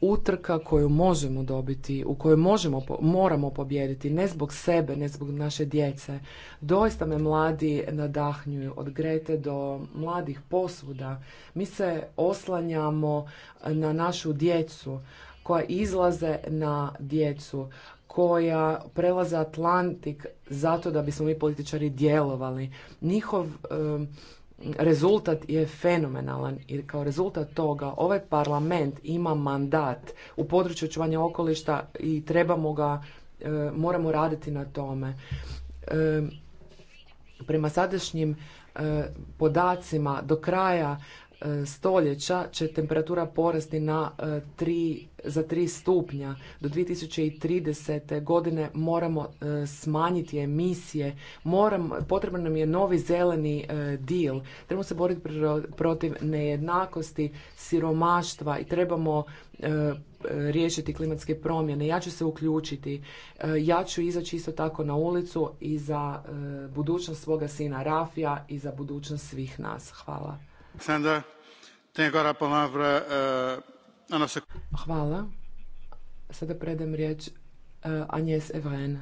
utrka koju možemo dobiti, u kojoj možemo, moramo pobijediti, ne zbog sebe, ne zbog naše djece. Doista me mladi nadahnjuju, od Grete do mladih posvuda. Mi se oslanjamo na našu djecu, koja izlaze na djecu, koja prelaze Atlantik zato da bismo mi političari djelovali. Njihov rezultat je fenomenalan i kao rezultat toga ovaj parlament ima mandat u području očuvanja okolišta i trebamo ga, e, moramo raditi na tome. E, prema sadašnjim e, podacima do kraja stoljeća će temperatura porasti na e, tri za tri stupnja. Do 2030. godine moramo e, smanjiti emisije, moram, potreban nam je novi zeleni e, deal. Trebamo se boriti protiv nejednakosti, siromaštva i trebamo riješiti klimatske promjene. Ja ću se uključiti. Ja ću izaći isto tako na ulicu i za budućnost svoga sina Rafija i za budućnost svih nas. Hvala. Eh, Hvala. Sada predam riječ eh, Agnes Evren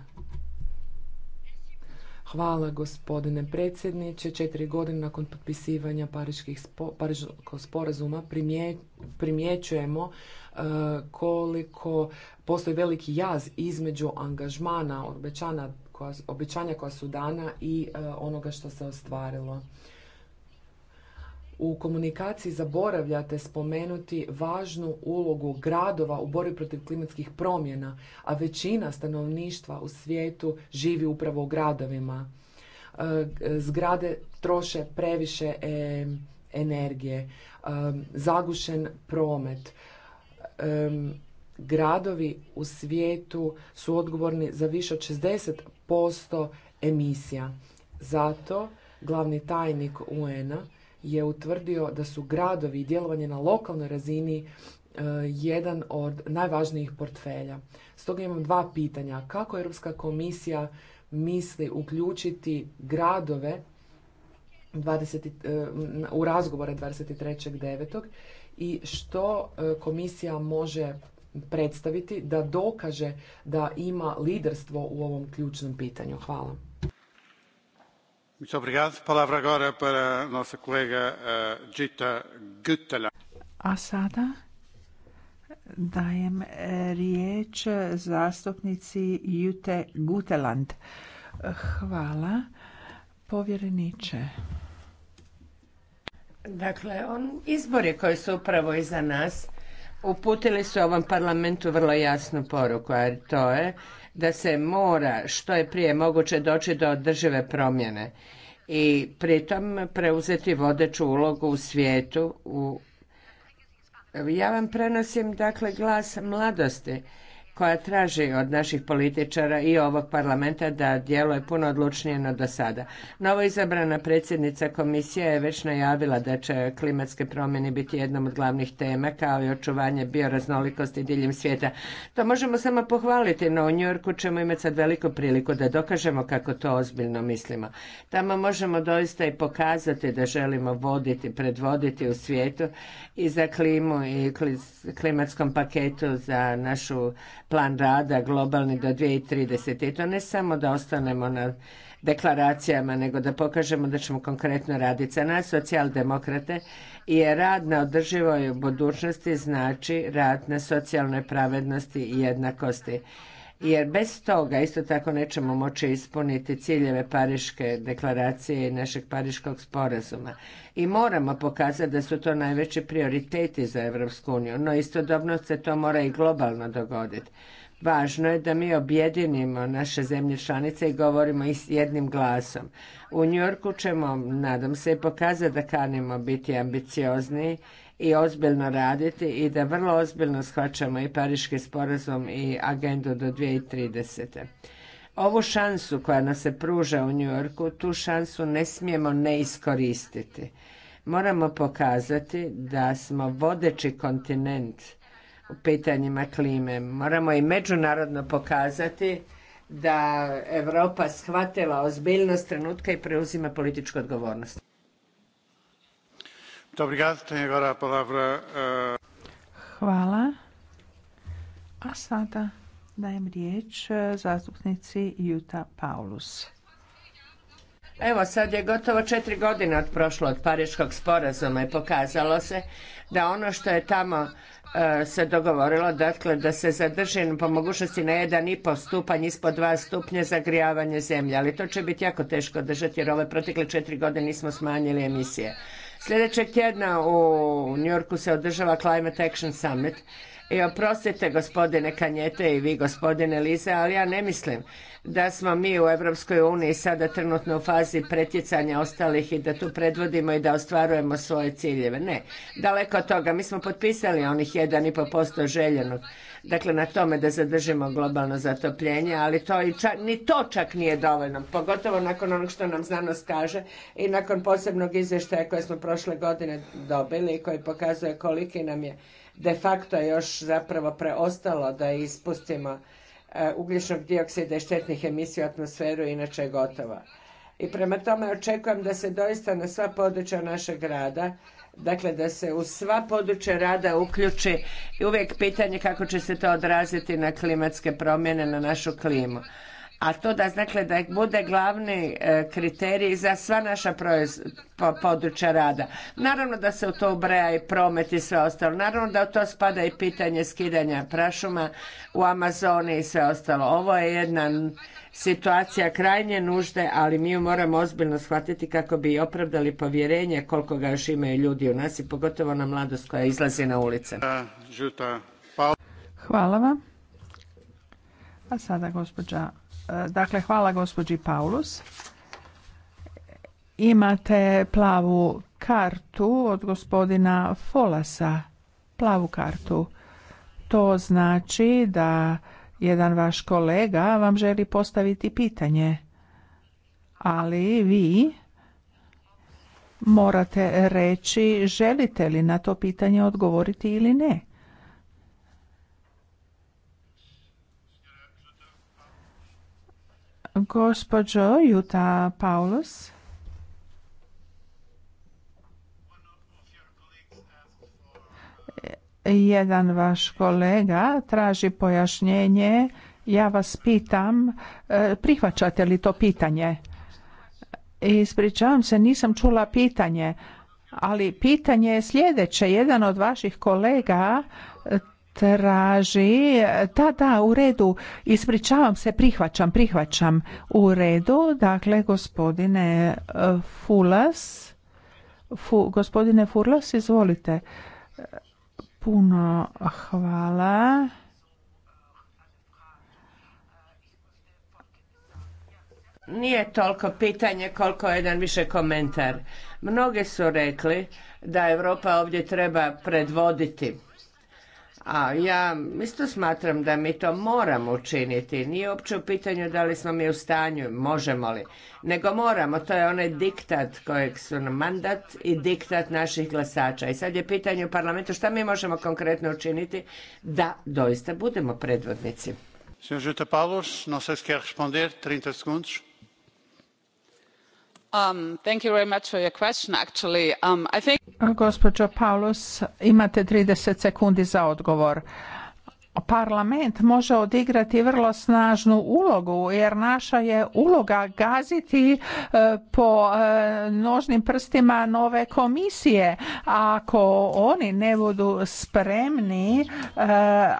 Hvala gospodine predsjedniče. Četiri godine nakon potpisivanja Pariških sporazuma primjećujemo eh, koliko postoji veliki jaz između angažmana, koja, obećanja koja su dana i onoga što se ostvarilo u komunikaciji zaboravljate spomenuti važnu ulogu gradova u borbi protiv klimatskih promjena, a većina stanovništva u svijetu živi upravo u gradovima. E, zgrade troše previše e, energije, e, zagušen promet. Gradovi u svijetu su odgovorni za više od 60% emisija. Zato glavni tajnik UN-a je utvrdio da su gradovi i djelovanje na lokalnoj razini e, jedan od najvažnijih portfelja. Stoga imam dva pitanja. Kako Europska komisija misli uključiti gradove e, u razgovore 23.9. i što e, komisija može predstaviti da dokaže da ima liderstvo u ovom ključnom pitanju? Hvala. A sada dajem eh, riječ zastupnici Jute Guteland. Hvala, povjereniče. Dakle, on, izbori koji su upravo iza nas uputili su ovom parlamentu vrlo jasnu poruku, a to je da se mora što je prije moguće doći do održive promjene i pritom preuzeti vodeću ulogu u svijetu. U... Ja vam prenosim dakle glas mladosti koja traži od naših političara i ovog parlamenta da djeluje puno odlučnije no do sada. Novo izabrana predsjednica komisije je već najavila da će klimatske promjene biti jednom od glavnih tema kao i očuvanje bioraznolikosti diljem svijeta. To možemo samo pohvaliti, no u Njorku ćemo imati sad veliku priliku da dokažemo kako to ozbiljno mislimo. Tamo možemo doista i pokazati da želimo voditi, predvoditi u svijetu i za klimu i klimatskom paketu za našu plan rada globalni do 2030. I to ne samo da ostanemo na deklaracijama, nego da pokažemo da ćemo konkretno raditi. Za nas socijaldemokrate je rad na održivoj budućnosti znači rad na socijalnoj pravednosti i jednakosti jer bez toga isto tako nećemo moći ispuniti ciljeve Pariške deklaracije i našeg Pariškog sporazuma. I moramo pokazati da su to najveći prioriteti za Europsku uniju, no istodobno se to mora i globalno dogoditi. Važno je da mi objedinimo naše zemlje članice i govorimo i s jednim glasom. U Njorku ćemo, nadam se, pokazati da kanimo biti ambiciozniji i ozbiljno raditi i da vrlo ozbiljno shvaćamo i Pariški sporazum i agendu do 2030. Ovu šansu koja nam se pruža u New Yorku, tu šansu ne smijemo ne iskoristiti. Moramo pokazati da smo vodeći kontinent u pitanjima klime. Moramo i međunarodno pokazati da Europa shvatila ozbiljnost trenutka i preuzima političku odgovornost. Eh, Hvala. A sada dajem riječ eh, zastupnici Juta Paulus. Evo sad je gotovo četiri godine od prošlo od Pariškog sporazuma i pokazalo se da ono što je tamo eh, se dogovorilo, dakle da se zadrži po mogućnosti na jedan i pol stupanj ispod dva stupnje zagrijavanje zemlje, ali to će biti jako teško držati jer ove protekle četiri godine nismo smanjili emisije. Sljedećeg tjedna u Yorku se održava Climate Action Summit i oprostite gospodine Kanjete i vi gospodine Lize, ali ja ne mislim da smo mi u Europskoj uniji sada trenutno u fazi pretjecanja ostalih i da tu predvodimo i da ostvarujemo svoje ciljeve. Ne, daleko od toga. Mi smo potpisali onih 1,5% željenog dakle na tome da zadržimo globalno zatopljenje, ali to i čak, ni to čak nije dovoljno, pogotovo nakon onog što nam znanost kaže i nakon posebnog izvještaja koje smo prošle godine dobili i koji pokazuje koliki nam je de facto još zapravo preostalo da ispustimo eh, ugljičnog dioksida i štetnih emisija u atmosferu, inače je gotovo. I prema tome očekujem da se doista na sva područja našeg grada Dakle, da se u sva područja rada uključi i uvijek pitanje kako će se to odraziti na klimatske promjene, na našu klimu a to da znači da bude glavni e, kriterij za sva naša područja rada. Naravno da se u to ubraja i promet i sve ostalo. Naravno da u to spada i pitanje skidanja prašuma u Amazoni i sve ostalo. Ovo je jedna situacija krajnje nužde, ali mi ju moramo ozbiljno shvatiti kako bi opravdali povjerenje koliko ga još imaju ljudi u nas i pogotovo na mladost koja izlazi na ulice. Hvala vam. A sada gospođa Dakle, hvala gospođi Paulus. Imate plavu kartu od gospodina Folasa. Plavu kartu. To znači da jedan vaš kolega vam želi postaviti pitanje. Ali vi morate reći želite li na to pitanje odgovoriti ili ne. Gospođo Juta Paulus. Jedan vaš kolega traži pojašnjenje. Ja vas pitam, e, prihvaćate li to pitanje? Ispričavam se, nisam čula pitanje, ali pitanje je sljedeće. Jedan od vaših kolega traži, da, da, u redu, ispričavam se, prihvaćam, prihvaćam, u redu, dakle, gospodine eh, Fulas, gospodine Fulas, izvolite, puno hvala. Nije toliko pitanje koliko jedan više komentar. Mnoge su rekli da Europa ovdje treba predvoditi a ja isto smatram da mi to moramo učiniti. Nije uopće u pitanju da li smo mi u stanju, možemo li. Nego moramo, to je onaj diktat kojeg su nam mandat i diktat naših glasača. I sad je pitanje u parlamentu šta mi možemo konkretno učiniti da doista budemo predvodnici. Sr. Jutta Paulus, se 30 sekundi. Um, thank you very much for um, I Paulus, imate 30 sekundi za odgovor parlament može odigrati vrlo snažnu ulogu jer naša je uloga gaziti e, po e, nožnim prstima nove komisije ako oni ne budu spremni e,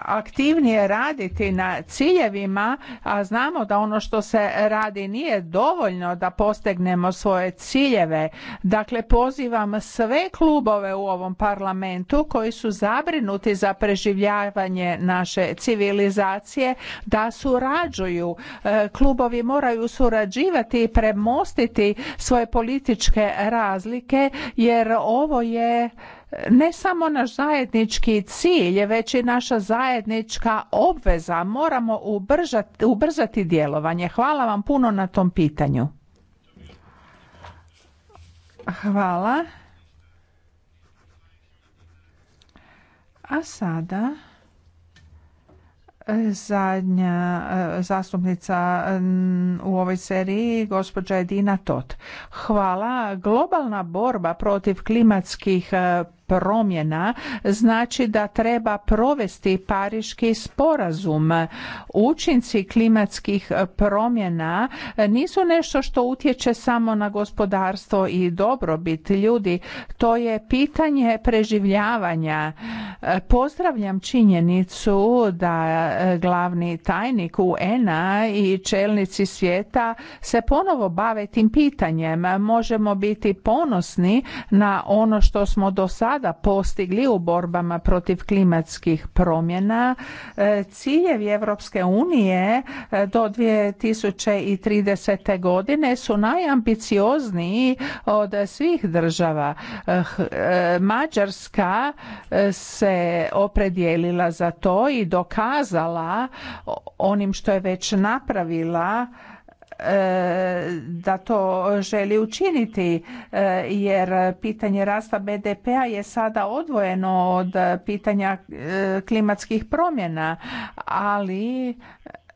aktivnije raditi na ciljevima a znamo da ono što se radi nije dovoljno da postegnemo svoje ciljeve dakle pozivam sve klubove u ovom parlamentu koji su zabrinuti za preživljavanje naše civilizacije da surađuju. E, klubovi moraju surađivati i premostiti svoje političke razlike jer ovo je ne samo naš zajednički cilj, već i naša zajednička obveza. Moramo ubrzati djelovanje. Hvala vam puno na tom pitanju. Hvala. A sada zadnja e, zastupnica u ovoj seriji, gospođa Edina Tot. Hvala. Globalna borba protiv klimatskih e, promjena znači da treba provesti pariški sporazum. Učinci klimatskih promjena nisu nešto što utječe samo na gospodarstvo i dobrobit ljudi. To je pitanje preživljavanja. Pozdravljam činjenicu da glavni tajnik UNA i čelnici svijeta se ponovo bave tim pitanjem. Možemo biti ponosni na ono što smo do sada sada postigli u borbama protiv klimatskih promjena. E, ciljevi Europske unije e, do 2030. godine su najambiciozniji od svih država. E, Mađarska se opredijelila za to i dokazala onim što je već napravila E, da to želi učiniti e, jer pitanje rasta BDP-a je sada odvojeno od pitanja e, klimatskih promjena, ali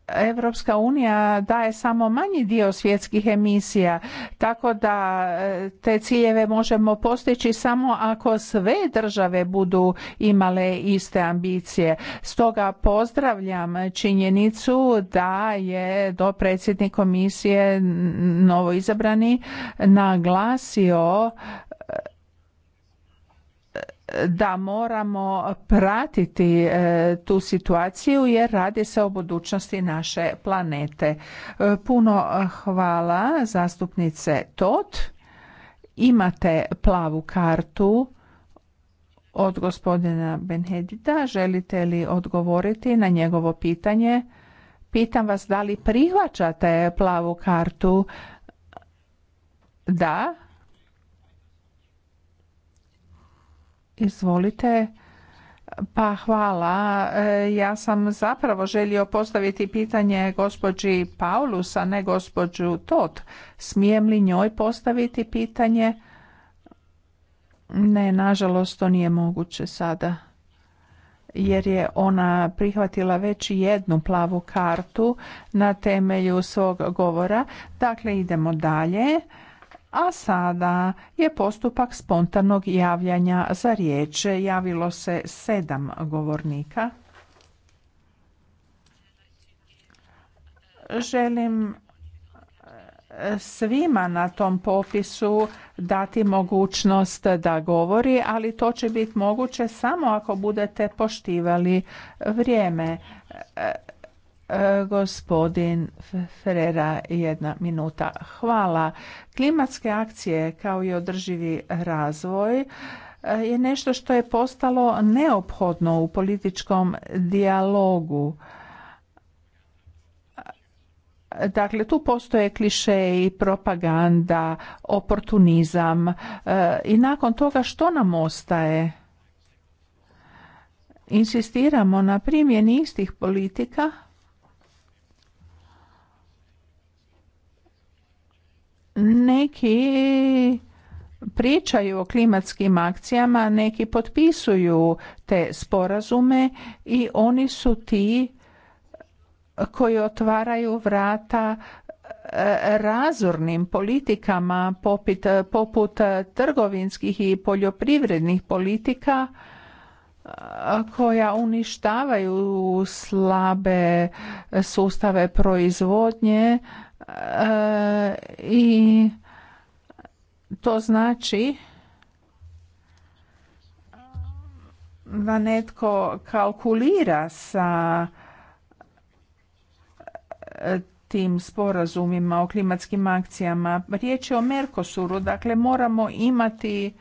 Europska unija daje samo manji dio svjetskih emisija, tako da e, te ciljeve možemo postići samo ako sve države budu imale iste ambicije. Stoga pozdravljam činjenicu da je do dopredsjednik komisije novoizabrani naglasio da moramo pratiti e, tu situaciju jer radi se o budućnosti naše planete. E, puno hvala zastupnice Tot. Imate plavu kartu od gospodina Benhedita. Želite li odgovoriti na njegovo pitanje? Pitam vas da li prihvaćate plavu kartu? Da. Izvolite. Pa hvala. E, ja sam zapravo želio postaviti pitanje gospođi Paulus, a ne gospođu Tot. Smijem li njoj postaviti pitanje? Ne, nažalost to nije moguće sada. Jer je ona prihvatila već jednu plavu kartu na temelju svog govora. Dakle, idemo dalje. A sada je postupak spontanog javljanja za riječ. Javilo se sedam govornika. Želim eh, svima na tom popisu dati mogućnost da govori, ali to će biti moguće samo ako budete poštivali vrijeme. Eh, Gospodin Ferreira, jedna minuta. Hvala. Klimatske akcije kao i održivi razvoj je nešto što je postalo neophodno u političkom dijalogu. Dakle, tu postoje kliše i propaganda, oportunizam e, i nakon toga što nam ostaje? Insistiramo na primjeni istih politika Neki pričaju o klimatskim akcijama, neki potpisuju te sporazume i oni su ti koji otvaraju vrata e, razornim politikama poput, poput trgovinskih i poljoprivrednih politika e, koja uništavaju slabe sustave proizvodnje i to znači da netko kalkulira sa e, tim sporazumima o klimatskim akcijama. Riječ je o Merkosuru, dakle moramo imati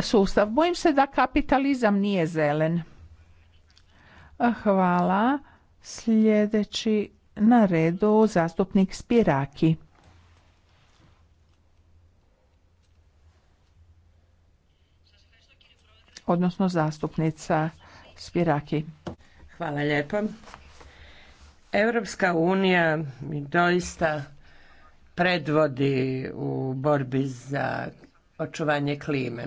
sustav. Bojim se da kapitalizam nije zelen. Hvala. Sljedeći na redu zastupnik Spiraki. Odnosno zastupnica Spiraki. Hvala lijepo. Europska unija doista predvodi u borbi za očuvanje klime.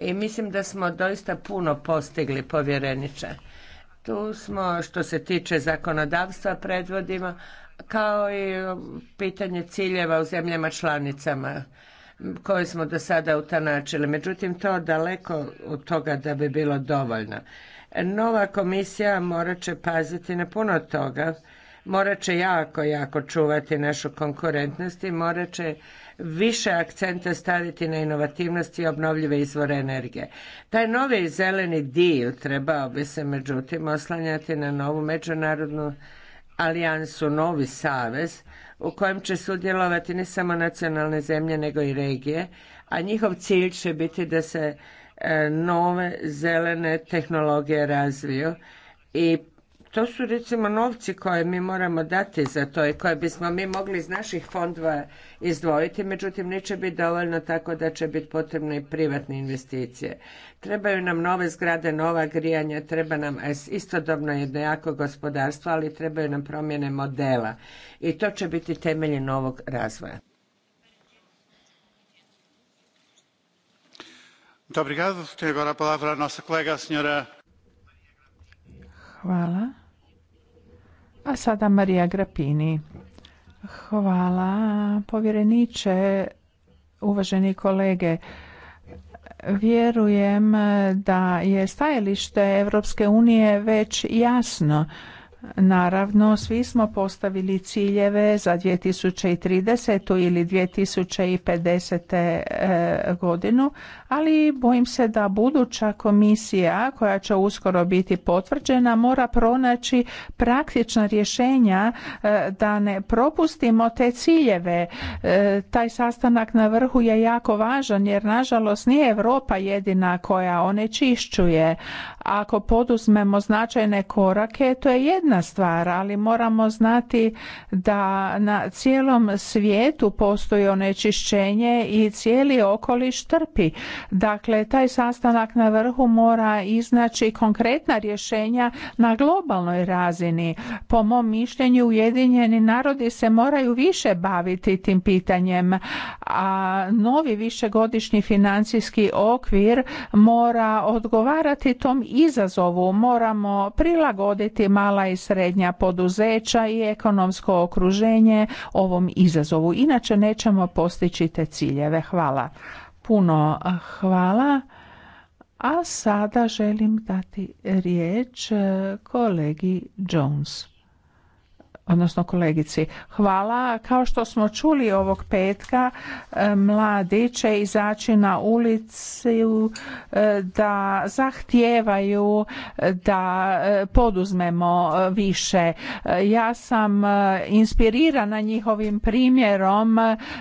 I mislim da smo doista puno postigli povjereniče. Tu smo što se tiče zakonodavstva predvodimo kao i pitanje ciljeva u zemljama članicama koje smo do sada utanačili. Međutim, to daleko od toga da bi bilo dovoljno. Nova komisija morat će paziti na puno toga, morat će jako, jako čuvati našu konkurentnost i morat će više akcenta staviti na inovativnost i obnovljive izvore energije. Taj novi zeleni dio trebao bi se međutim oslanjati na novu međunarodnu alijansu, novi savez u kojem će sudjelovati ne samo nacionalne zemlje nego i regije, a njihov cilj će biti da se e, nove zelene tehnologije razviju i to su recimo novci koje mi moramo dati za to i koje bismo mi mogli iz naših fondova izdvojiti, međutim neće biti dovoljno tako da će biti potrebne i privatne investicije. Trebaju nam nove zgrade, nova grijanja, treba nam e, istodobno jedno jako gospodarstvo, ali trebaju nam promjene modela i to će biti temelje novog razvoja. Hvala. A sada Marija Grapini. Hvala povjereniče, uvaženi kolege. Vjerujem da je stajalište Europske unije već jasno Naravno, svi smo postavili ciljeve za 2030. ili 2050. E, godinu, ali bojim se da buduća komisija koja će uskoro biti potvrđena mora pronaći praktična rješenja e, da ne propustimo te ciljeve. E, taj sastanak na vrhu je jako važan jer nažalost nije Europa jedina koja onečišćuje. Ako poduzmemo značajne korake, to je jedna jedna stvar, ali moramo znati da na cijelom svijetu postoji onečišćenje i cijeli okoliš trpi. Dakle, taj sastanak na vrhu mora iznaći konkretna rješenja na globalnoj razini. Po mom mišljenju Ujedinjeni narodi se moraju više baviti tim pitanjem, a novi višegodišnji financijski okvir mora odgovarati tom izazovu. Moramo prilagoditi mala i srednja poduzeća i ekonomsko okruženje ovom izazovu. Inače nećemo postići te ciljeve. Hvala. Puno eh, hvala. A sada želim dati riječ eh, kolegi Jones odnosno kolegici. Hvala. Kao što smo čuli ovog petka, e, mladi će izaći na ulici e, da zahtijevaju e, da poduzmemo više. Ja sam inspirirana njihovim primjerom.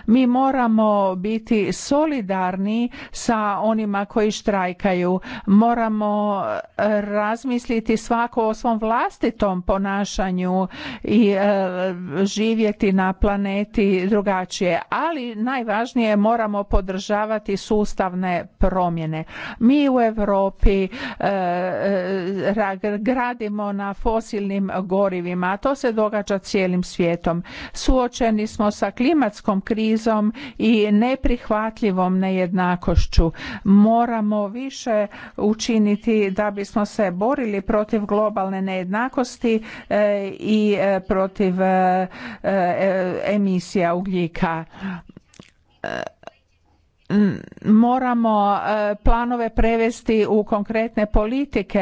Mi moramo biti solidarni sa onima koji štrajkaju. Moramo razmisliti svako o svom vlastitom ponašanju i E, živjeti na planeti drugačije. Ali najvažnije moramo podržavati sustavne promjene. Mi u Europi e, e, gradimo na fosilnim gorivima, a to se događa cijelim svijetom. Suočeni smo sa klimatskom krizom i neprihvatljivom nejednakošću. Moramo više učiniti da bismo se borili protiv globalne nejednakosti i protiv protiv eh, eh, emisija ugljika moramo e, planove prevesti u konkretne politike,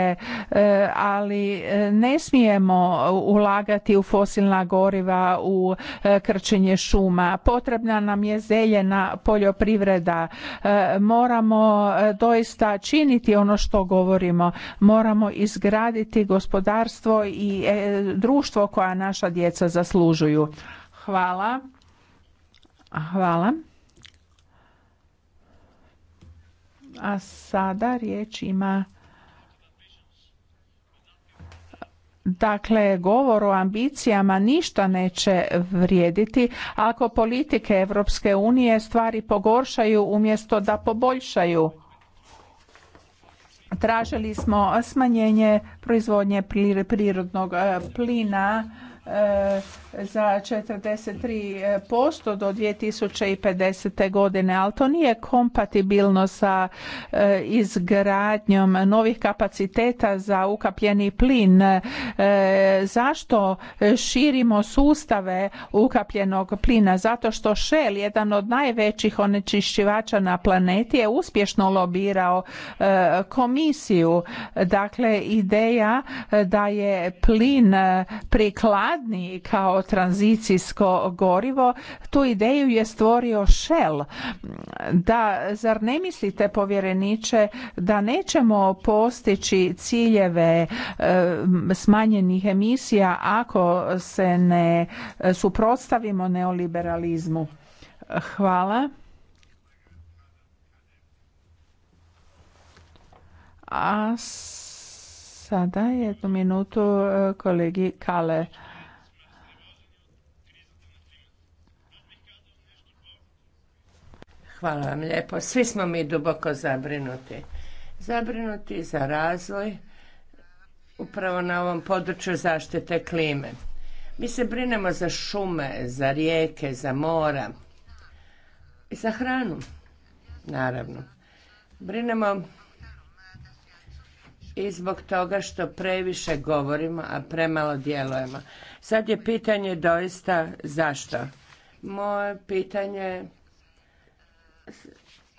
e, ali e, ne smijemo ulagati u fosilna goriva, u krčenje šuma. Potrebna nam je zeljena poljoprivreda. Moramo doista činiti ono što govorimo. Moramo izgraditi gospodarstvo i društvo koja naša djeca zaslužuju. Hvala. Hvala. A sada riječ ima Dakle, govor o ambicijama ništa neće vrijediti ako politike Europske unije stvari pogoršaju umjesto da poboljšaju. Tražili smo smanjenje proizvodnje prirodnog eh, plina E, za 43% do 2050. godine, ali to nije kompatibilno sa e, izgradnjom novih kapaciteta za ukapljeni plin. E, zašto širimo sustave ukapljenog plina? Zato što Shell, jedan od najvećih onečišćivača na planeti, je uspješno lobirao komisiju. Dakle, ideja da je plin prikladan kao tranzicijsko gorivo, tu ideju je stvorio Shell. Da, zar ne mislite povjereniče da nećemo postići ciljeve e, smanjenih emisija ako se ne e, suprotstavimo neoliberalizmu? Hvala. A sada jednu minutu e, kolegi Kale. Hvala vam lijepo. Svi smo mi duboko zabrinuti. Zabrinuti za razvoj upravo na ovom području zaštite klime. Mi se brinemo za šume, za rijeke, za mora i za hranu, naravno. Brinemo i zbog toga što previše govorimo, a premalo djelujemo. Sad je pitanje doista zašto. Moje pitanje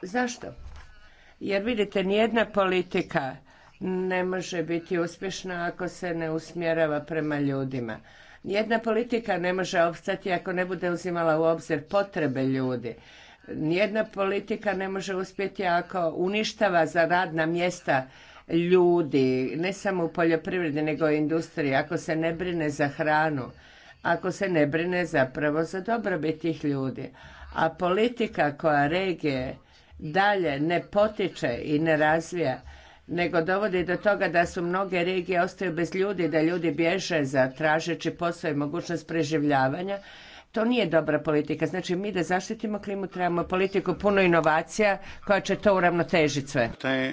Zašto? Jer vidite, nijedna politika ne može biti uspješna ako se ne usmjerava prema ljudima. Nijedna politika ne može opstati ako ne bude uzimala u obzir potrebe ljudi. Nijedna politika ne može uspjeti ako uništava za radna mjesta ljudi, ne samo u poljoprivredi nego i industriji, ako se ne brine za hranu, ako se ne brine zapravo za dobrobit tih ljudi a politika koja regije dalje ne potiče i ne razvija, nego dovodi do toga da su mnoge regije ostaju bez ljudi, da ljudi bježe za tražeći posao i mogućnost preživljavanja, to nije dobra politika. Znači mi da zaštitimo klimu trebamo politiku puno inovacija koja će to uravnotežiti sve. E,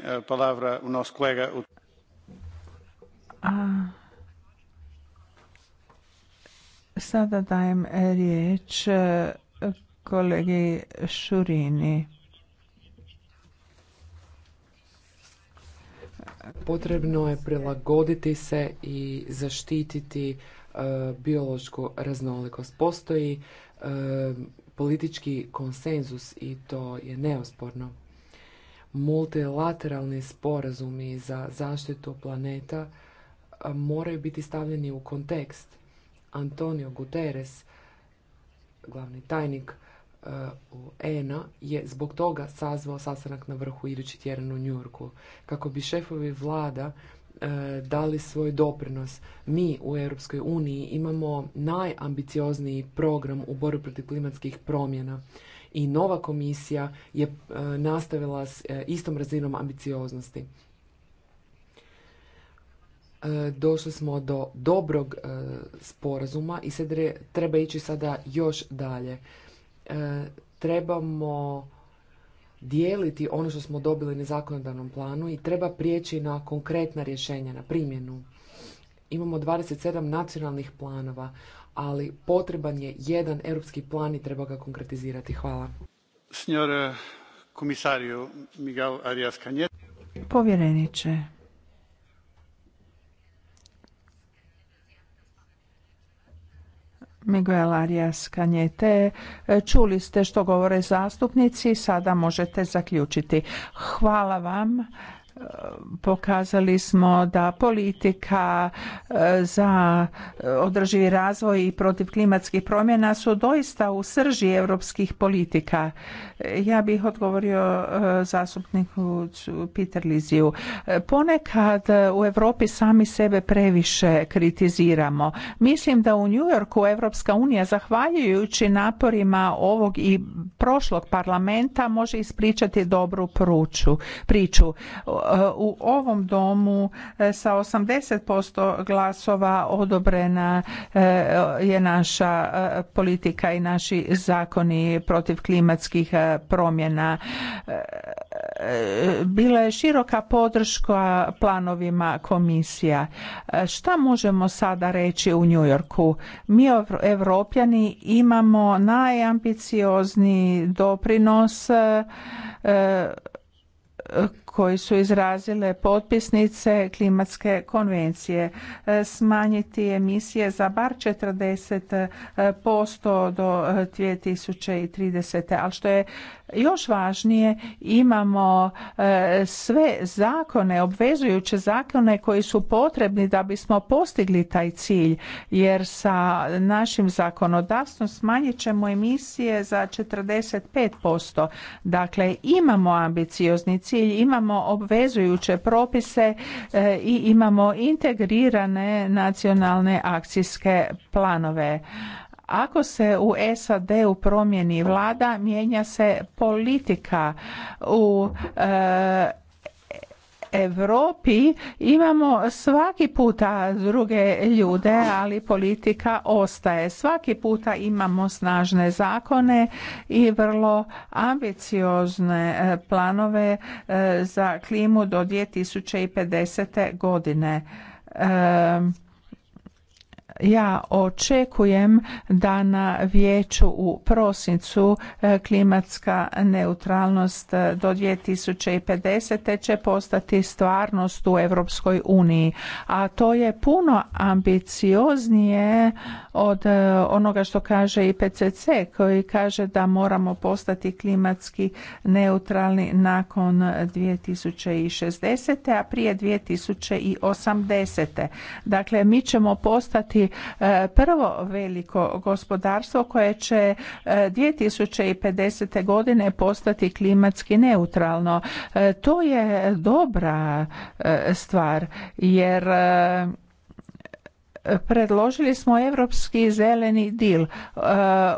sada dajem riječ e, kolegi Šurini. Potrebno je prilagoditi se i zaštititi e, biološku raznolikost. Postoji e, politički konsenzus i to je neosporno. Multilateralni sporazumi za zaštitu planeta e, moraju biti stavljeni u kontekst. Antonio Guterres, glavni tajnik ENA je zbog toga sazvao sastanak na vrhu idući tjedan u Njurku kako bi šefovi vlada e, dali svoj doprinos. Mi u Europskoj uniji imamo najambiciozniji program u borbi protiv klimatskih promjena i nova komisija je e, nastavila s e, istom razinom ambicioznosti. Došli smo do dobrog sporazuma i sad treba ići sada još dalje. E, trebamo dijeliti ono što smo dobili na zakonodavnom planu i treba prijeći na konkretna rješenja, na primjenu. Imamo 27 nacionalnih planova, ali potreban je jedan europski plan i treba ga konkretizirati. Hvala. Signor komisario eh, Miguel Arias Povjereniče, Miguel Arias Kanjete. E, čuli ste što govore zastupnici, sada možete zaključiti. Hvala vam pokazali smo da politika e, za e, održivi razvoj i protiv klimatskih promjena su doista u srži europskih politika. Ja bih odgovorio e, zastupniku Peter Liziju. Ponekad u Europi sami sebe previše kritiziramo. Mislim da u New Yorku Europska unija zahvaljujući naporima ovog i prošlog parlamenta može ispričati dobru priču u ovom domu e, sa 80% glasova odobrena e, je naša e, politika i naši zakoni protiv klimatskih promjena. Bila je široka podrška planovima komisija. Šta možemo sada reći u New Yorku? Mi Evropljani imamo najambiciozniji doprinos koji su izrazile potpisnice klimatske konvencije e, smanjiti emisije za bar 40% e, do 2030. E, Ali što je još važnije, imamo sve zakone, obvezujuće zakone koji su potrebni da bismo postigli taj cilj, jer sa našim zakonodavstvom smanjit ćemo emisije za 45%. Dakle, imamo ambiciozni cilj, imamo imamo obvezujuće propise e, i imamo integrirane nacionalne akcijske planove. Ako se u SAD-u promijeni vlada, mijenja se politika u e, Europi imamo svaki puta druge ljude, ali politika ostaje. Svaki puta imamo snažne zakone i vrlo ambiciozne e, planove e, za klimu do 2050. godine. E, ja očekujem da na vijeću u prosincu e, klimatska neutralnost e, do 2050. će postati stvarnost u Europskoj uniji, a to je puno ambicioznije od e, onoga što kaže IPCC koji kaže da moramo postati klimatski neutralni nakon 2060. a prije 2080. Dakle, mi ćemo postati E, prvo veliko gospodarstvo koje će 2050. E, godine postati klimatski neutralno. E, to je dobra stvar jer predložili smo europski zeleni dil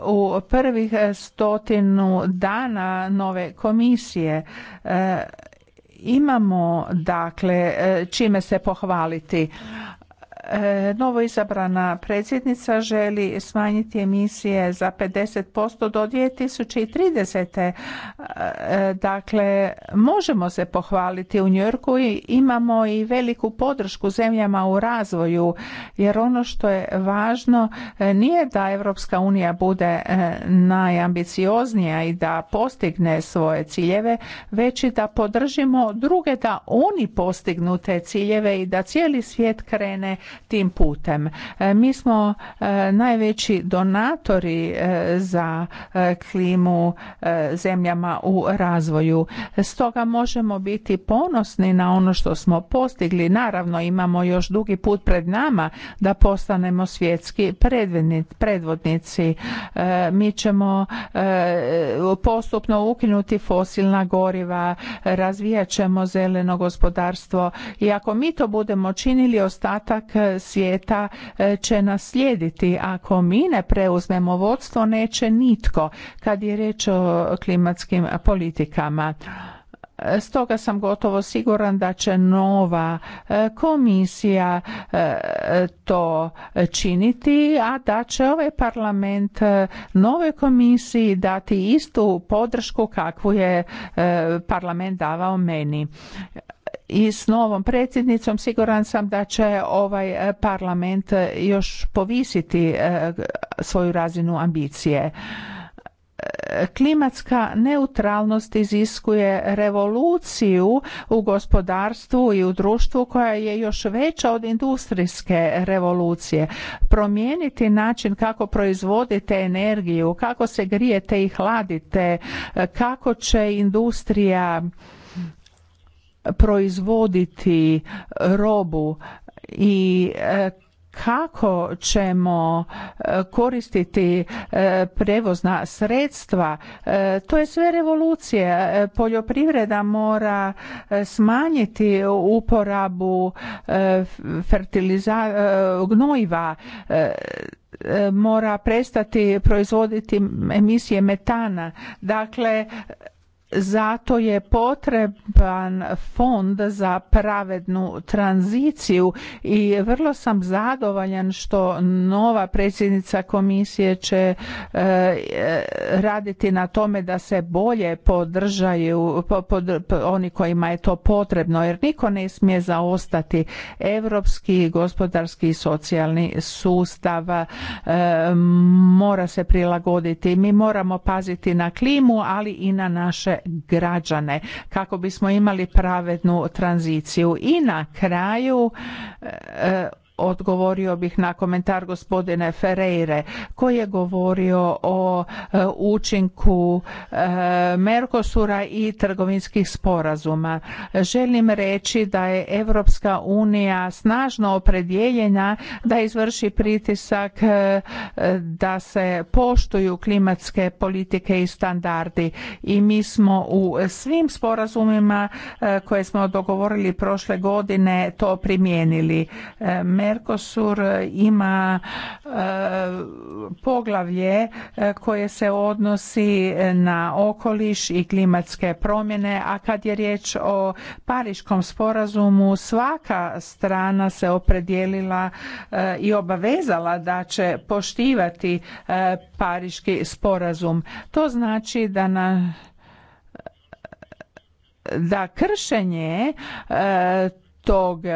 u prvih stotinu dana nove komisije imamo dakle čime se pohvaliti E, novo izabrana predsjednica želi smanjiti emisije za 50% do 2030. E, dakle, možemo se pohvaliti u Njorku i imamo i veliku podršku zemljama u razvoju, jer ono što je važno e, nije da Evropska unija bude najambicioznija i da postigne svoje ciljeve, već i da podržimo druge da oni postignu te ciljeve i da cijeli svijet krene tim putem. E, mi smo e, najveći donatori e, za klimu zemljama u razvoju. Stoga možemo biti ponosni na ono što smo postigli. Naravno imamo još dugi put pred nama da postanemo svjetski predvodnici. Mi ćemo postupno ukinuti fosilna goriva, razvijat ćemo zeleno gospodarstvo i ako mi to budemo činili ostatak svijeta e, će naslijediti. Ako mi ne preuzmemo vodstvo, neće nitko kad je riječ o klimatskim politikama. E, stoga sam gotovo siguran da će nova e, komisija to činiti, a da će ovaj parlament nove komisiji dati istu podršku kakvu je parlament davao meni i s novom predsjednicom siguran sam da će ovaj e, parlament e, još povisiti e, svoju razinu ambicije klimatska neutralnost iziskuje revoluciju u gospodarstvu i u društvu koja je još veća od industrijske revolucije. Promijeniti način kako proizvodite energiju, kako se grijete i hladite, kako će industrija proizvoditi robu i e, kako ćemo e, koristiti e, prevozna sredstva. To je sve revolucije. Poljoprivreda mora smanjiti uporabu fertiliza gnojiva mora prestati proizvoditi emisije metana. Dakle, zato je potreban fond za pravednu tranziciju i vrlo sam zadovoljan što nova predsjednica komisije će e, raditi na tome da se bolje podržaju oni kojima je to potrebno jer niko ne smije zaostati europski gospodarski i socijalni sustav e, mora se prilagoditi mi moramo paziti na klimu ali i na naše građane kako bismo imali pravednu tranziciju i na kraju e, odgovorio bih na komentar gospodine Ferreire koji je govorio o e, učinku e, Merkosura i trgovinskih sporazuma. Želim reći da je Europska unija snažno opredjeljena da izvrši pritisak e, da se poštuju klimatske politike i standardi i mi smo u svim sporazumima koje smo dogovorili prošle godine to primijenili Mercosur ima e, poglavlje e, koje se odnosi na okoliš i klimatske promjene, a kad je riječ o Pariškom sporazumu svaka strana se opredijelila e, i obavezala da će poštivati Pariški sporazum. To znači da na da kršenje tog e,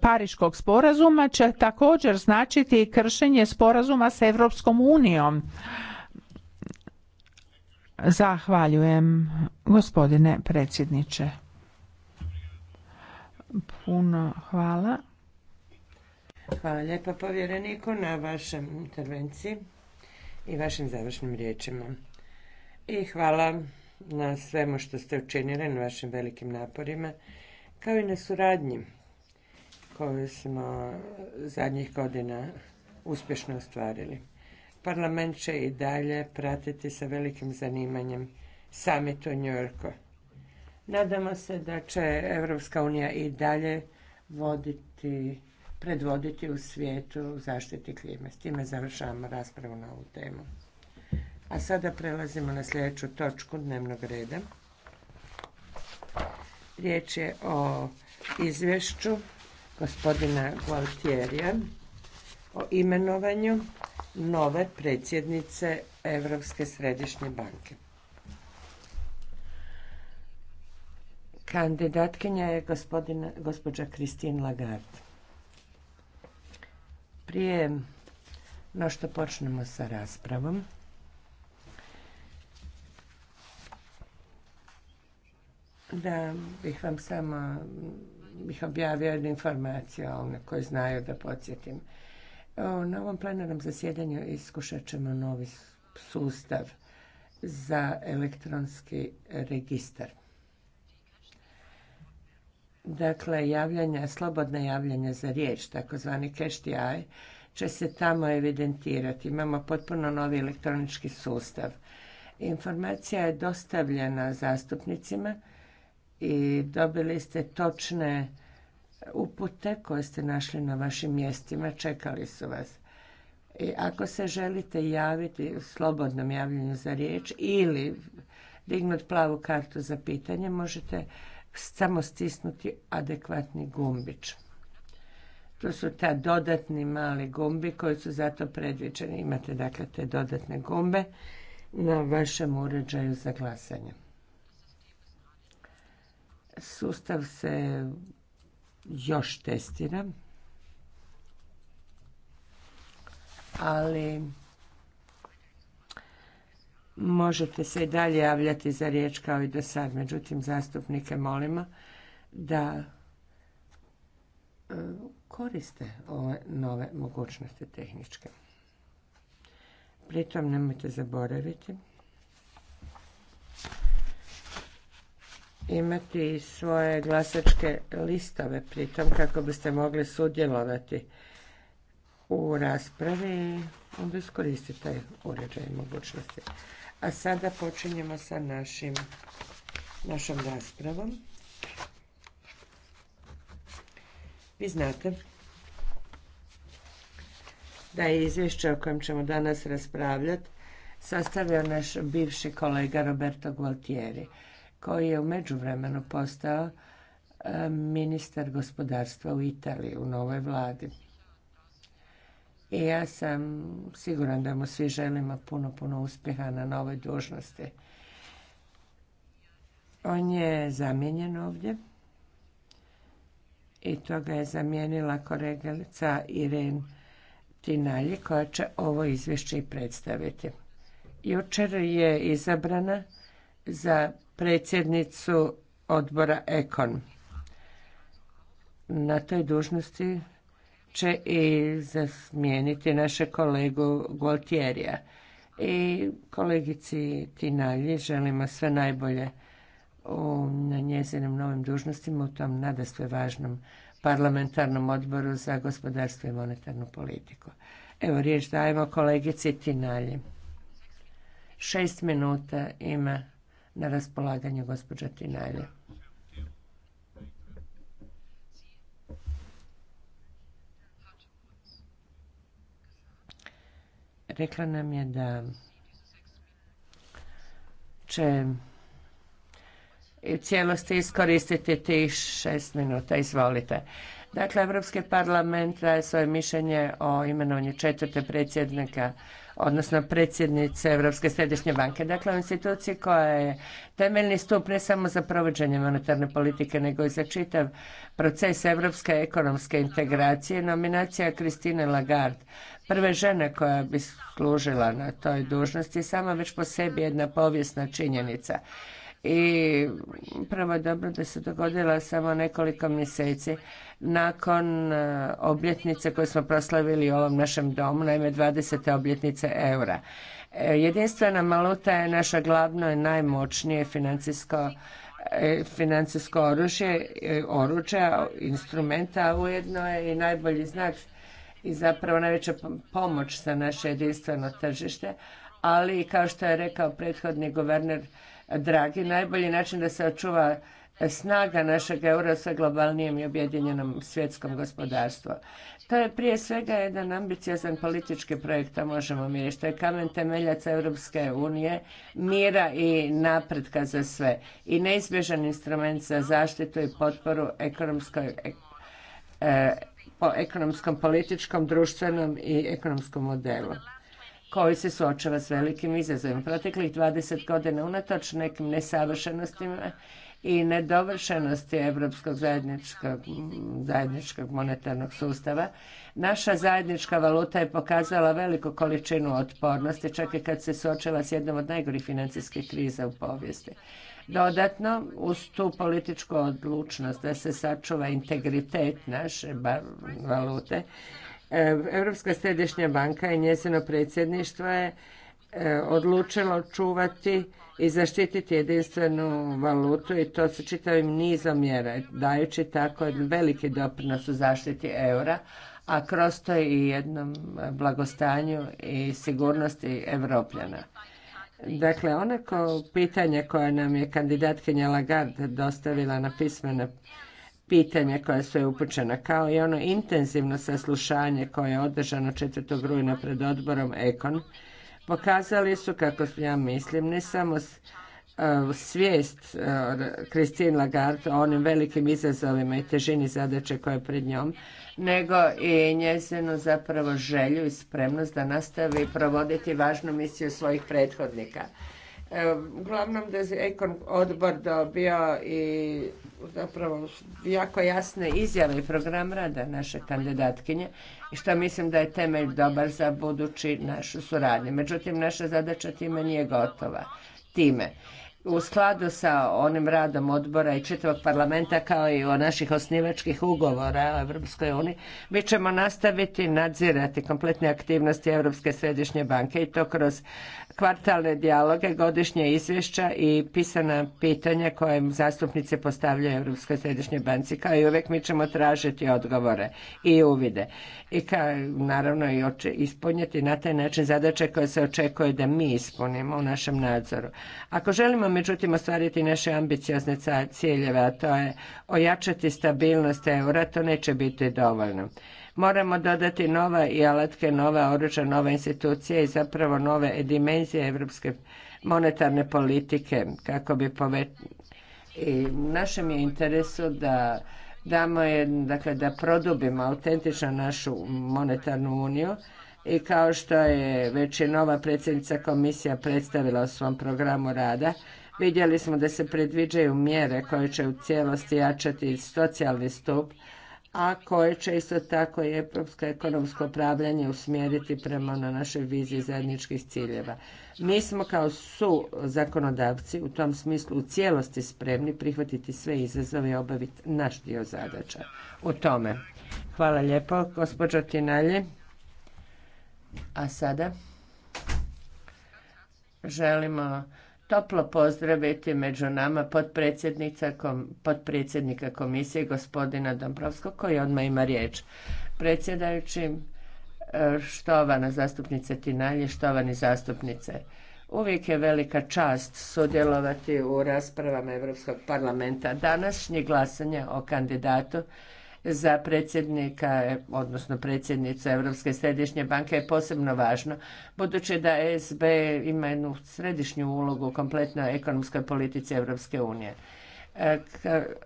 pariškog sporazuma će također značiti kršenje sporazuma s Europskom unijom. Zahvaljujem gospodine predsjedniče. Puno hvala. Hvala lijepa povjereniku na vašem intervenciji i vašim završnim riječima. I hvala na svemu što ste učinili, na vašim velikim naporima kao i na suradnji koju smo zadnjih godina uspješno ostvarili. Parlament će i dalje pratiti sa velikim zanimanjem summit u New Nadamo se da će Evropska unija i dalje voditi, predvoditi u svijetu zaštiti klime. S time završavamo raspravu na ovu temu. A sada prelazimo na sljedeću točku dnevnog reda. Riječ je o izvješću gospodina Gualtierija o imenovanju nove predsjednice Europske središnje banke. Kandidatkinja je gospodina, gospođa Christine Lagarde. Prije no što počnemo sa raspravom, Da, bih vam samo bih objavio jednu informaciju na koje znaju da podsjetim. Na ovom plenarnom zasjedanju iskušat ćemo novi sustav za elektronski registar. Dakle, javljanja, slobodne javljanja za riječ, takozvani cash TI, će se tamo evidentirati. Imamo potpuno novi elektronički sustav. Informacija je dostavljena zastupnicima i dobili ste točne upute koje ste našli na vašim mjestima, čekali su vas. I ako se želite javiti u slobodnom javljanju za riječ ili dignuti plavu kartu za pitanje, možete samo stisnuti adekvatni gumbić. To su ta dodatni mali gumbi koji su zato predviđeni. Imate dakle te dodatne gumbe na vašem uređaju za glasanje. Sustav se još testira, ali možete se i dalje javljati za riječ kao i do sad. Međutim, zastupnike molimo da e, koriste ove nove mogućnosti tehničke. Pritom nemojte zaboraviti imati svoje glasačke listove pritom kako biste mogli sudjelovati u raspravi onda iskoristite taj uređaj i mogućnosti. A sada počinjemo sa našim, našom raspravom. Vi znate da je izvješće o kojem ćemo danas raspravljati sastavio naš bivši kolega Roberto Gualtieri koji je u međuvremenu postao e, ministar gospodarstva u Italiji u novoj vladi. I ja sam siguran da mu svi želimo puno, puno uspjeha na novoj dužnosti. On je zamijenjen ovdje i to ga je zamijenila kolegica Iren Tinalji koja će ovo izvješće i predstaviti. Jučer je izabrana za predsjednicu odbora Ekon. Na toj dužnosti će i zasmijeniti naše kolegu Gualtierija. I kolegici Tinalji želimo sve najbolje u, na njezinim novim dužnostima u tom nadasve važnom parlamentarnom odboru za gospodarstvo i monetarnu politiku. Evo riječ dajemo kolegici Tinalji. Šest minuta ima na raspolaganje gospođa Tinalje. Rekla nam je da će cijelosti iskoristiti tih šest minuta. Izvolite. Dakle, Europski parlament daje svoje mišljenje o imenovanju četvrte predsjednika odnosno predsjednice Europske središnje banke. Dakle, u instituciji koja je temeljni stup ne samo za provođenje monetarne politike, nego i za čitav proces europske ekonomske integracije, nominacija Kristine Lagarde, prve žene koja bi služila na toj dužnosti, sama već po sebi jedna povijesna činjenica i upravo je dobro da se dogodila samo nekoliko mjeseci nakon e, obljetnice koju smo proslavili u ovom našem domu, naime 20. obljetnice eura. E, jedinstvena maluta je naša glavno i najmoćnije financijsko e, financijsko oružje, oruđa, instrumenta, ujedno je i najbolji znak i zapravo najveća pomoć za naše jedinstveno tržište, ali kao što je rekao prethodni guverner dragi, najbolji način da se očuva snaga našeg eura sa globalnijem i objedinjenom svjetskom gospodarstvu. To je prije svega jedan ambiciozan politički projekt, a možemo mi što To je kamen temeljac Europske unije, mira i napretka za sve i neizbježan instrument za zaštitu i potporu ekonomskoj, e, po ekonomskom, političkom, društvenom i ekonomskom modelu koji se suočava s velikim izazovima. Proteklih 20 godina unatoč nekim nesavršenostima i nedovršenosti europskog zajedničkog, monetarnog sustava, naša zajednička valuta je pokazala veliku količinu otpornosti, čak i kad se suočava s jednom od najgorih financijskih kriza u povijesti. Dodatno, uz tu političku odlučnost da se sačuva integritet naše valute, E, Europska središnja banka i njezino predsjedništvo je e, odlučilo čuvati i zaštititi jedinstvenu valutu i to sa čitavim nizom mjera, dajući tako veliki doprinos u zaštiti eura, a kroz to i jednom blagostanju i sigurnosti Evropljana. Dakle, onako pitanje koje nam je kandidatkinja Lagarde dostavila na pismene pitanja koja su joj upućena, kao i ono intenzivno saslušanje koje je održano 4. rujna pred odborom Ekon, pokazali su, kako ja mislim, ne samo e, svijest e, Christine Lagarde o onim velikim izazovima i težini zadaće koja je pred njom, nego i njezinu zapravo želju i spremnost da nastavi provoditi važnu misiju svojih prethodnika Uglavnom da je Ekon odbor dobio i zapravo jako jasne izjave i program rada naše kandidatkinje i što mislim da je temelj dobar za budući našu suradnju. Međutim, naša zadaća time nije gotova. Time u skladu sa onim radom odbora i čitavog parlamenta kao i o naših osnivačkih ugovora o Europskoj uniji, mi ćemo nastaviti nadzirati kompletne aktivnosti Europske središnje banke i to kroz kvartalne dijaloge, godišnje izvješća i pisana pitanja koje zastupnice postavljaju Europskoj središnjoj banci. Kao i uvijek mi ćemo tražiti odgovore i uvide. I kao, naravno i ispunjati na taj način zadaće koje se očekuje da mi ispunimo u našem nadzoru. Ako želimo međutim ostvariti naše ambiciozne ciljeve, a to je ojačati stabilnost eura, to neće biti dovoljno. Moramo dodati nova i alatke, nova oruđa, nove institucije i zapravo nove dimenzije europske monetarne politike kako bi povećali. I našem je interesu da damo je, dakle da produbimo autentično našu monetarnu uniju i kao što je već i nova predsjednica komisija predstavila u svom programu rada, Vidjeli smo da se predviđaju mjere koje će u cijelosti jačati socijalni stup, a koje će isto tako i europsko ekonomsko upravljanje usmjeriti prema na našoj viziji zajedničkih ciljeva. Mi smo kao su zakonodavci u tom smislu u cijelosti spremni prihvatiti sve izazove i obaviti naš dio zadaća u tome. Hvala lijepo, gospođo Tinalje. A sada želimo toplo pozdraviti među nama potpredsjednika komisije gospodina Dombrovskog koji odmah ima riječ. Predsjedajući, e, štovana zastupnice Tinalje, štovani zastupnice, uvijek je velika čast sudjelovati u raspravama Europskog parlamenta. Današnje glasanje o kandidatu za predsjednika, odnosno predsjednicu Europske središnje banke je posebno važno, budući da ESB ima jednu središnju ulogu u kompletnoj ekonomskoj politici Europske unije. E,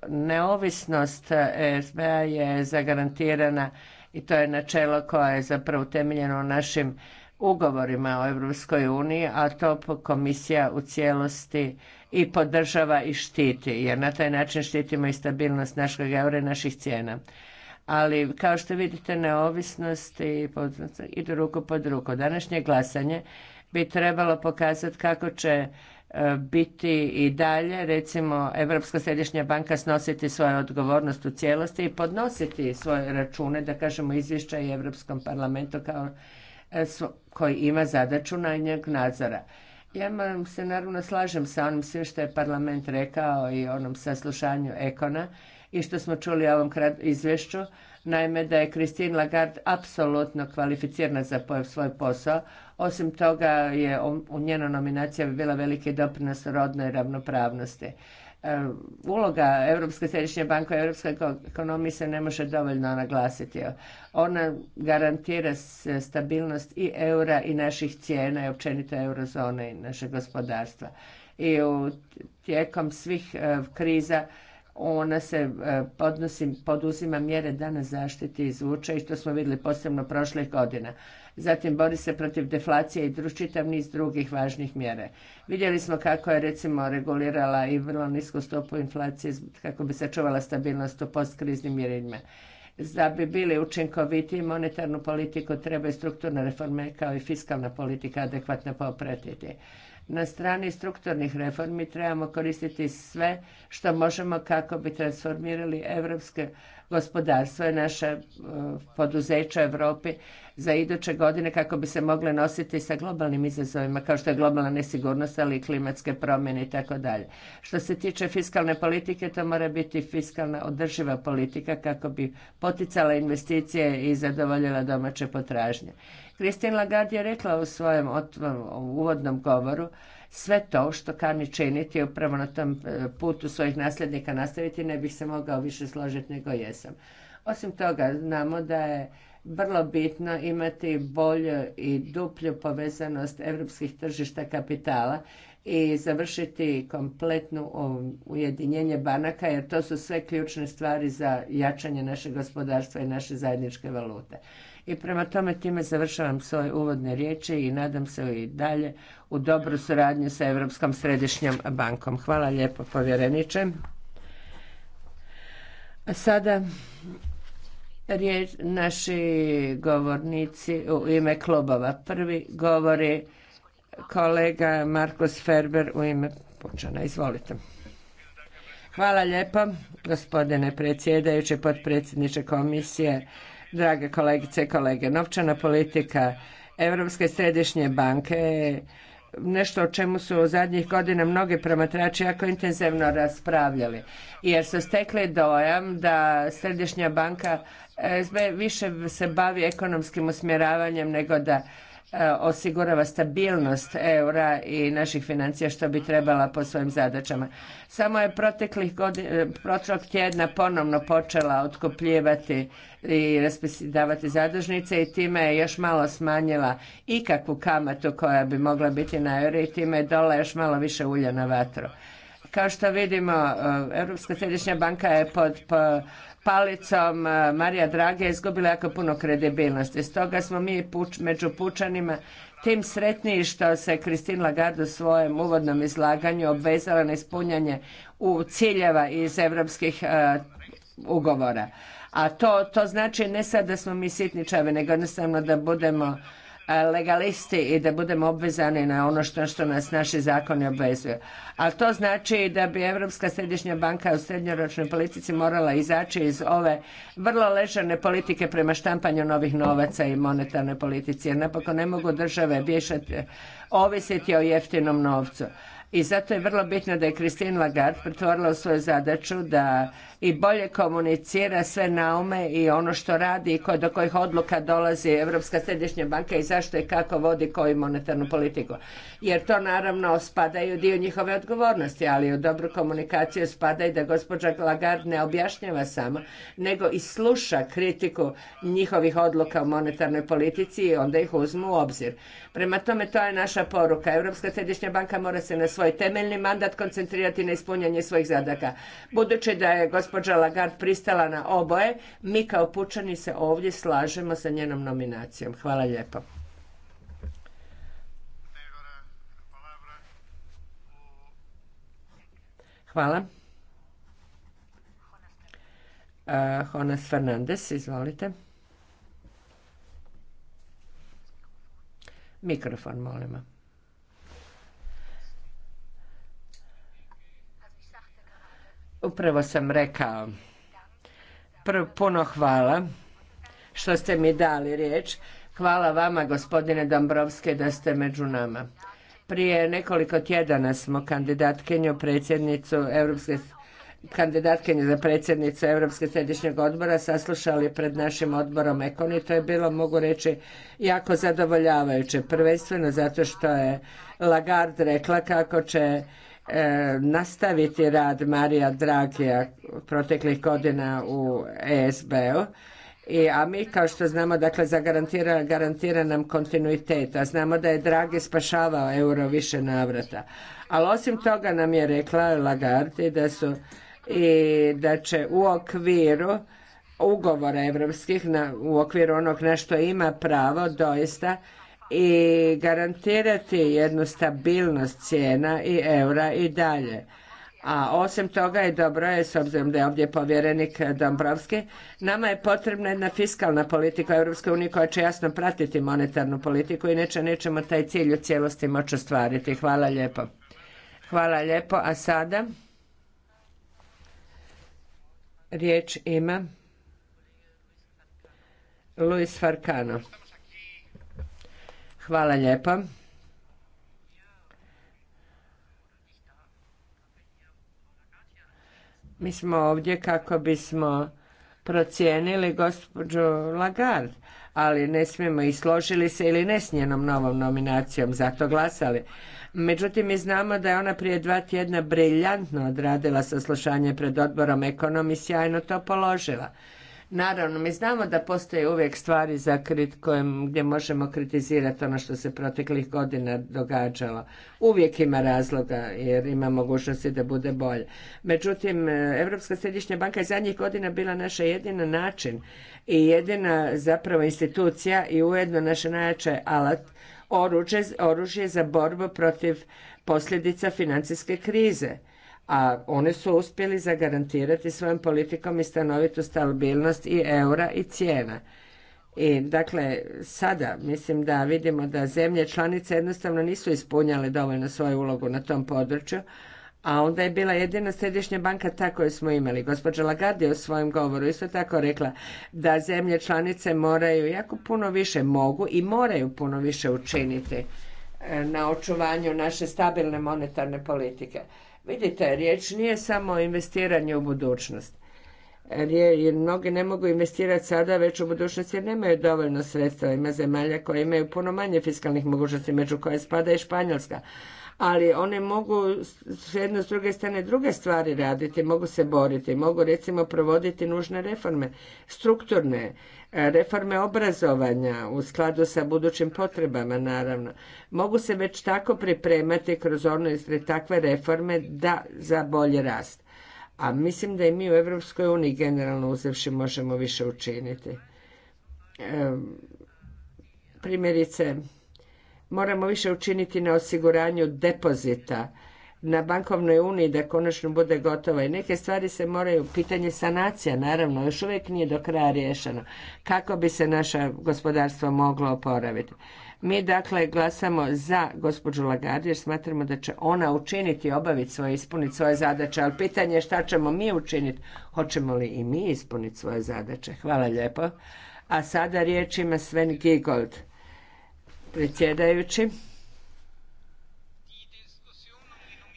neovisnost ESB-a je zagarantirana i to je načelo koje je zapravo utemeljeno u našim ugovorima o Europskoj uniji, a to komisija u cijelosti i podržava i štiti, jer na taj način štitimo i stabilnost našeg eura i naših cijena. Ali, kao što vidite, neovisnost i idu ruku pod ruku. Današnje glasanje bi trebalo pokazati kako će e, biti i dalje, recimo, Europska središnja banka snositi svoju odgovornost u cijelosti i podnositi svoje račune, da kažemo izvješća i Europskom parlamentu kao e, koji ima zadaću na njeg nadzora. Ja se naravno slažem sa onim sve što je parlament rekao i onom saslušanju Ekona i što smo čuli u ovom izvješću, naime da je Christine Lagarde apsolutno kvalificirana za svoj posao. Osim toga je u njena nominacija bi bila veliki doprinos rodnoj ravnopravnosti. Eh, uloga Europske središnje banke u europskoj ekonomiji se ne može dovoljno naglasiti. Ona garantira stabilnost i eura i naših cijena i općenito eurozone i našeg gospodarstva. I tijekom svih eh, kriza ona se eh, poduzima mjere da nas zaštiti i izvuče i to smo vidjeli posebno prošlih godina zatim bori se protiv deflacije i čitav niz drugih važnih mjere. Vidjeli smo kako je recimo regulirala i vrlo nisku stopu inflacije kako bi sačuvala stabilnost u postkriznim mjerenjima. Da bi bili učinkoviti monetarnu politiku treba i strukturne reforme kao i fiskalna politika adekvatno popratiti. Na strani strukturnih reformi trebamo koristiti sve što možemo kako bi transformirali evropske gospodarstvo i naše e, poduzeće u Europi za iduće godine kako bi se mogle nositi sa globalnim izazovima kao što je globalna nesigurnost, ali i klimatske promjene i tako dalje. Što se tiče fiskalne politike, to mora biti fiskalna održiva politika kako bi poticala investicije i zadovoljila domaće potražnje. Christine Lagarde je rekla u svojem otvoru, uvodnom govoru sve to što kani činiti upravo na tom e, putu svojih nasljednika nastaviti, ne bih se mogao više složiti nego jesam. Osim toga, znamo da je vrlo bitno imati bolju i duplju povezanost europskih tržišta kapitala i završiti kompletno ujedinjenje banaka jer to su sve ključne stvari za jačanje našeg gospodarstva i naše zajedničke valute. I prema tome time završavam svoje uvodne riječi i nadam se i dalje u dobru suradnju sa Europskom središnjom bankom. Hvala lijepo povjereniče. A sada naši govornici u ime klubova. Prvi govori kolega Markus Ferber u ime Pučana. Izvolite. Hvala lijepo gospodine predsjedajući, potpredsjedniče komisije drage kolegice i kolege. Novčana politika Europske središnje banke je nešto o čemu su u zadnjih godina mnogi promatrači jako intenzivno raspravljali jer su stekli dojam da središnja banka e, više se bavi ekonomskim usmjeravanjem nego da E, osigurava stabilnost eura i naših financija što bi trebala po svojim zadaćama. Samo je proteklih e, prošlog tjedna ponovno počela otkupljivati i davati zadužnice i time je još malo smanjila ikakvu kamatu koja bi mogla biti na euro i time je dola još malo više ulja na vatru. Kao što vidimo, e, Europska središnja banka je pod palicom e, Marija Drage izgubila jako puno kredibilnosti. Stoga smo mi među pučanima tim sretniji što se Kristin Lagarde u svojem uvodnom izlaganju obvezala na ispunjanje u ciljeva iz europskih e, ugovora. A to, to znači ne sad da smo mi sitničavi, nego jednostavno da budemo legalisti i da budemo obvezani na ono što, nas naši zakoni obvezuju. Ali to znači da bi Europska središnja banka u srednjoročnoj politici morala izaći iz ove vrlo ležane politike prema štampanju novih novaca i monetarne politici. Jer napokon ne mogu države bješati, ovisiti o jeftinom novcu. I zato je vrlo bitno da je Christine Lagarde pretvorila u svoju zadaću da i bolje komunicira sve naume i ono što radi i do kojih odluka dolazi Europska središnja banka i zašto i kako vodi koju monetarnu politiku. Jer to naravno spada i u dio njihove odgovornosti, ali u dobru komunikaciju spada i da gospođa Lagarde ne objašnjava samo, nego i sluša kritiku njihovih odluka u monetarnoj politici i onda ih uzmu u obzir. Prema tome, to je naša poruka. Europska središnja banka mora se na svoj temeljni mandat koncentrirati na ispunjanje svojih zadaka. Budući da je gospođa Lagarde pristala na oboje, mi kao pučani se ovdje slažemo sa njenom nominacijom. Hvala lijepo. Hvala. Uh, Fernandez, izvolite. Mikrofon, molimo. Upravo sam rekao, prvo puno hvala što ste mi dali riječ. Hvala vama, gospodine Dombrovske, da ste među nama. Prije nekoliko tjedana smo kandidatkinju predsjednicu Europske kandidatkinje za predsjednicu Europske središnjeg odbora saslušali pred našim odborom Ekoni, to je bilo, mogu reći, jako zadovoljavajuće. Prvenstveno zato što je Lagarde rekla kako će e, nastaviti rad Marija Dragija proteklih godina u ESB-u. I, a mi kao što znamo, dakle, zagarantira garantira nam kontinuitet, a znamo da je Dragi spašavao euro više navrata. Ali osim toga nam je rekla Lagarde da su i da će u okviru ugovora europskih, u okviru onog na što ima pravo doista i garantirati jednu stabilnost cijena i eura i dalje. A osim toga i dobro je, s obzirom da je ovdje povjerenik Dombrovski, nama je potrebna jedna fiskalna politika Europske unije koja će jasno pratiti monetarnu politiku i neće, nećemo taj cilj u cijelosti moći ostvariti. Hvala lijepo. Hvala lijepo. A sada? Riječ ima Luis Farcano. Hvala lijepa. Mi smo ovdje kako bismo procijenili gospođu Lagarde, ali ne smijemo i složili se ili ne s njenom novom nominacijom, zato glasali. Međutim, mi znamo da je ona prije dva tjedna briljantno odradila saslušanje pred odborom ekonom i sjajno to položila. Naravno, mi znamo da postoje uvijek stvari za krit gdje možemo kritizirati ono što se proteklih godina događalo. Uvijek ima razloga jer ima mogućnosti da bude bolje. Međutim, Europska središnja banka je zadnjih godina bila naša jedina način i jedina zapravo institucija i ujedno naš najjači alat oružje za borbu protiv posljedica financijske krize a one su uspjeli zagarantirati svojom politikom i stanovitu stabilnost i eura i cijena. I dakle, sada mislim da vidimo da zemlje članice jednostavno nisu ispunjale dovoljno svoju ulogu na tom području, a onda je bila jedina središnja banka ta koju smo imali. Gospođa Lagarde je u svojem govoru isto tako rekla da zemlje članice moraju jako puno više mogu i moraju puno više učiniti e, na očuvanju naše stabilne monetarne politike. Vidite, riječ nije samo o investiranju u budućnost. E, jer mnogi ne mogu investirati sada već u budućnosti jer nemaju dovoljno sredstva. Ima zemalja koje imaju puno manje fiskalnih mogućnosti, među koje spada i Španjolska ali one mogu s jedne s druge strane druge stvari raditi, mogu se boriti, mogu recimo provoditi nužne reforme, strukturne, e, reforme obrazovanja u skladu sa budućim potrebama naravno. Mogu se već tako pripremati kroz ono takve reforme da za bolji rast. A mislim da i mi u Europskoj uniji generalno uzevši možemo više učiniti. Primjerice, moramo više učiniti na osiguranju depozita na bankovnoj uniji da konačno bude gotova i neke stvari se moraju, pitanje sanacija naravno još uvijek nije do kraja riješeno kako bi se naša gospodarstvo moglo oporaviti. Mi dakle glasamo za gospođu Lagarde jer smatramo da će ona učiniti, obaviti svoje, ispuniti svoje zadaće, ali pitanje je šta ćemo mi učiniti, hoćemo li i mi ispuniti svoje zadaće. Hvala lijepo. A sada riječ ima Sven Giegold predsjedajući.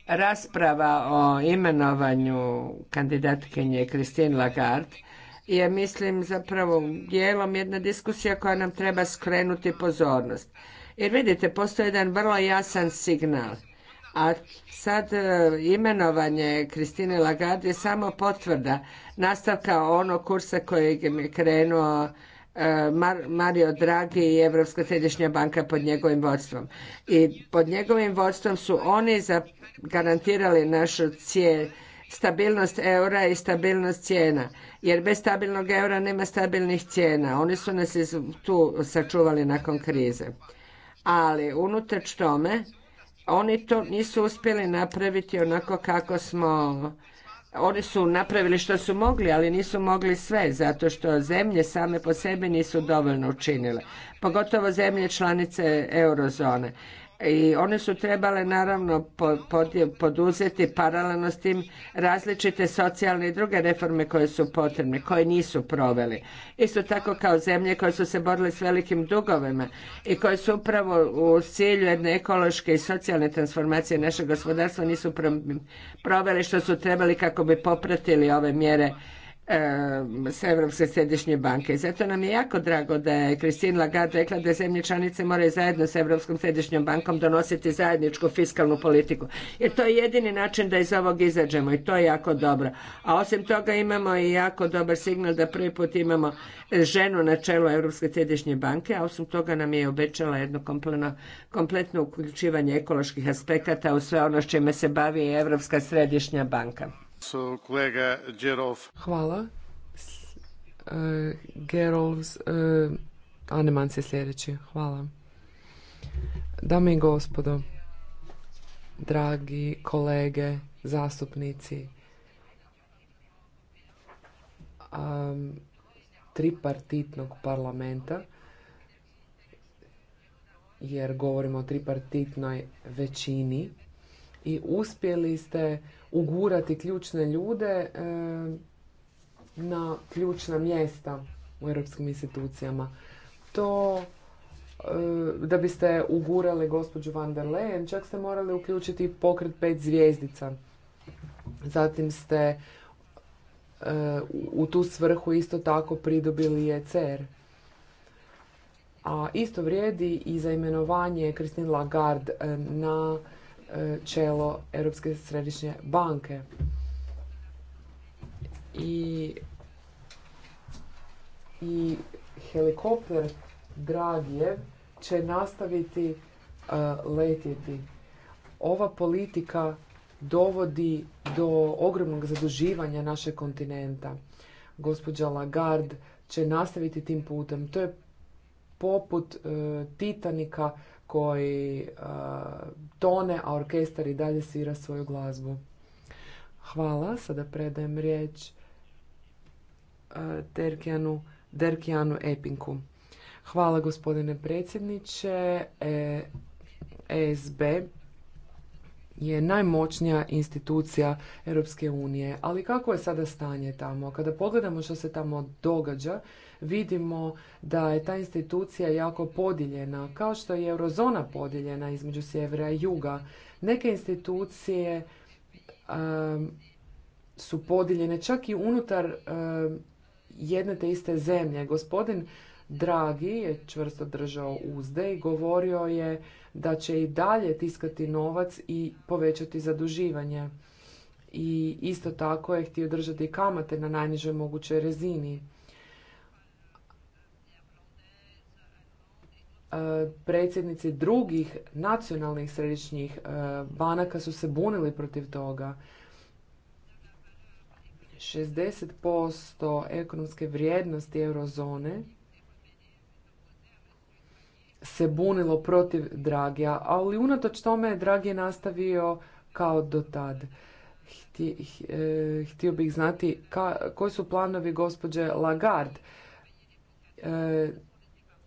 Rasprava o imenovanju kandidatkinje Christine Lagarde je, mislim, zapravo dijelom jedna diskusija koja nam treba skrenuti pozornost. Jer vidite, postoji jedan vrlo jasan signal. A sad e, imenovanje Kristine Lagarde je samo potvrda nastavka onog kursa kojeg je krenuo E, Mario Draghi i Europska središnja banka pod njegovim vodstvom. I pod njegovim vodstvom su oni garantirali našu cije stabilnost eura i stabilnost cijena. Jer bez stabilnog eura nema stabilnih cijena. Oni su nas tu sačuvali nakon krize. Ali unutač tome oni to nisu uspjeli napraviti onako kako smo oni su napravili što su mogli, ali nisu mogli sve, zato što zemlje same po sebi nisu dovoljno učinile, pogotovo zemlje članice eurozone i one su trebale naravno poduzeti paralelno s tim različite socijalne i druge reforme koje su potrebne, koje nisu proveli. Isto tako kao zemlje koje su se borile s velikim dugovima i koje su upravo u cilju jedne ekološke i socijalne transformacije našeg gospodarstva nisu proveli što su trebali kako bi popratili ove mjere s Europske središnje banke. Zato nam je jako drago da je Christine Lagarde rekla da zemlje članice moraju zajedno s Europskom središnjom bankom donositi zajedničku fiskalnu politiku. Jer to je jedini način da iz ovog izađemo i to je jako dobro. A osim toga imamo i jako dobar signal da prvi put imamo ženu na čelu Europske središnje banke, a osim toga nam je obećala jedno kompletno, kompletno uključivanje ekoloških aspekata u sve ono s čime se bavi Europska središnja banka. Kolega Gerov. Hvala. E, Gerov e, Anemans je sljedeći. Hvala. Dame i gospodo, dragi kolege, zastupnici, tripartitnog parlamenta, jer govorimo o tripartitnoj većini i uspjeli ste ugurati ključne ljude e, na ključna mjesta u europskim institucijama. To e, da biste ugurali gospođu van der Leyen, čak ste morali uključiti pokret pet zvijezdica. Zatim ste e, u tu svrhu isto tako pridobili je A isto vrijedi i za imenovanje Christine Lagarde na E, čelo Europske središnje banke. I, i helikopter Dragije će nastaviti e, letjeti. Ova politika dovodi do ogromnog zaduživanja našeg kontinenta. Gospođa Lagarde će nastaviti tim putem. To je poput uh, Titanika koji tone, a orkestar i dalje svira svoju glazbu. Hvala, sada predajem riječ Derkijanu, Derkijanu Epinku. Hvala gospodine predsjedniče. ESB e je najmoćnija institucija Europske unije. Ali kako je sada stanje tamo? Kada pogledamo što se tamo događa, vidimo da je ta institucija jako podijeljena, kao što je eurozona podijeljena između sjevera i juga. Neke institucije um, su podijeljene čak i unutar um, jedne te iste zemlje. Gospodin Dragi je čvrsto držao uzde i govorio je da će i dalje tiskati novac i povećati zaduživanje. I isto tako je htio držati kamate na najnižoj mogućoj rezini. E, predsjednici drugih nacionalnih središnjih e, banaka su se bunili protiv toga. 60% ekonomske vrijednosti eurozone se bunilo protiv Dragija, ali unatoč tome je nastavio kao do tad. E, htio, bih znati koji su planovi gospođe Lagarde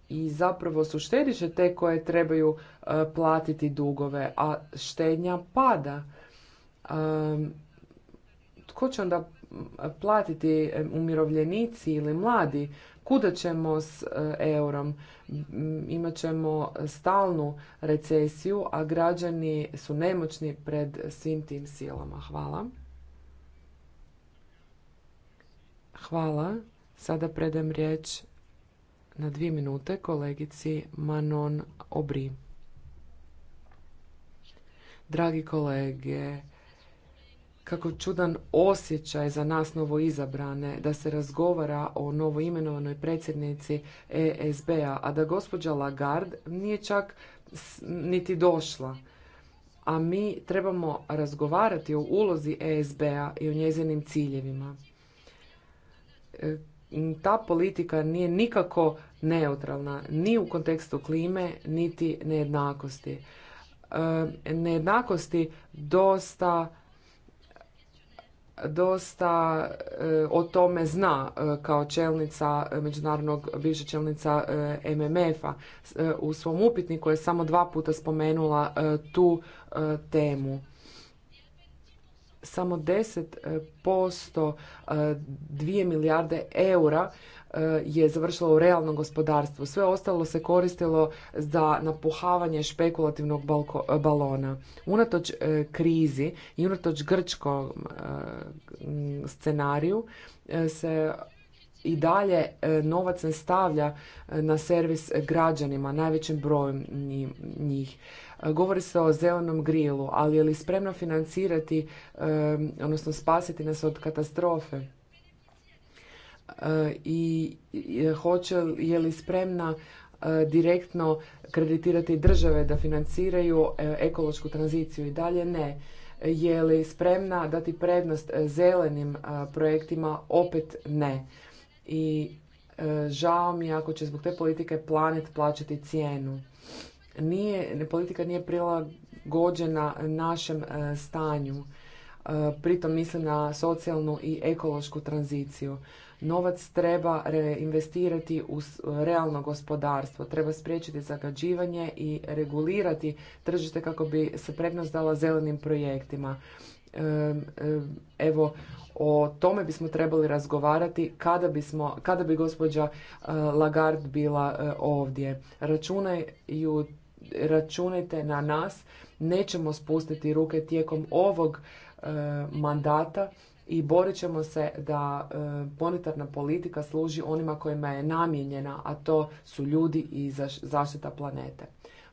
i zapravo su štediše te koje trebaju e, platiti dugove, a štednja pada. Tko će onda platiti umirovljenici ili mladi? Kuda ćemo s e, eurom? Imaćemo stalnu recesiju, a građani su nemoćni pred svim tim silama. Hvala. Hvala. Sada predem riječ na dvije minute kolegici Manon Obri. Dragi kolege, kako čudan osjećaj za nas novoizabrane izabrane da se razgovara o novoimenovanoj predsjednici ESB-a, a da gospođa Lagarde nije čak niti došla. A mi trebamo razgovarati o ulozi ESB-a i o njezinim ciljevima e, ta politika nije nikako neutralna ni u kontekstu klime niti nejednakosti. E, nejednakosti dosta dosta e, o tome zna e, kao čelnica međunarodnog, bivša čelnica MMF-a. U svom upitniku je samo dva puta spomenula tu temu samo 10% 2 e, e, milijarde eura e, je završilo u realnom gospodarstvu. Sve ostalo se koristilo za napuhavanje špekulativnog balko, balona. Unatoč krizi i unatoč grčkom scenariju se i dalje novac ne stavlja na servis građanima, najvećim brojem njih. Govori se o zelenom grilu, ali je li spremna financirati, odnosno spasiti nas od katastrofe? E, I hoće, je li spremna e, direktno kreditirati države da financiraju e, ekološku tranziciju i dalje ne. Je li spremna dati prednost zelenim projektima? Opet ne. I žao mi je ako će zbog te politike planet plaćati cijenu nije, politika nije prilagođena našem e, stanju. E, pritom mislim na socijalnu i ekološku tranziciju. Novac treba reinvestirati u e, realno gospodarstvo, treba spriječiti zagađivanje i regulirati tržište kako bi se prednost dala zelenim projektima. Evo, o tome bismo trebali razgovarati kada, bismo, kada bi gospođa Lagarde bila ovdje. Računaju računajte na nas, nećemo spustiti ruke tijekom ovog e, mandata i borit ćemo se da e, monetarna politika služi onima kojima je namijenjena, a to su ljudi i zaštita planete.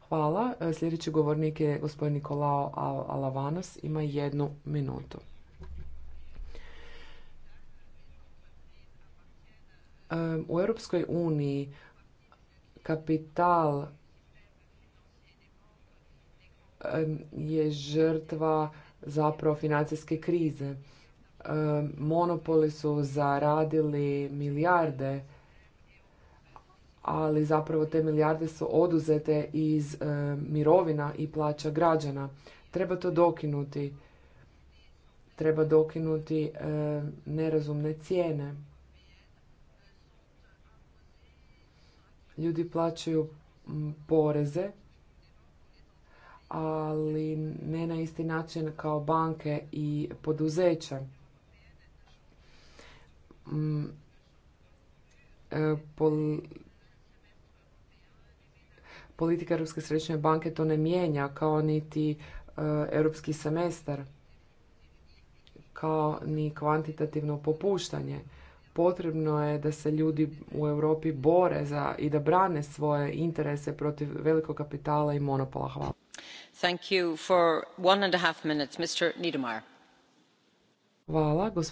Hvala. E, sljedeći govornik je gospodin Nikolao Alavanos. Ima jednu minutu. E, u Europskoj uniji kapital je žrtva zapravo financijske krize. E, monopoli su zaradili milijarde, ali zapravo te milijarde su oduzete iz e, mirovina i plaća građana. Treba to dokinuti. Treba dokinuti e, nerazumne cijene. Ljudi plaćaju poreze ali ne na isti način kao banke i poduzeća. Mm, e, politika Europske središnje banke to ne mijenja kao niti e, europski semestar, kao ni kvantitativno popuštanje. Potrebno je da se ljudi u Europi bore za i da brane svoje interese protiv velikog kapitala i monopola. Hvala. Hvala,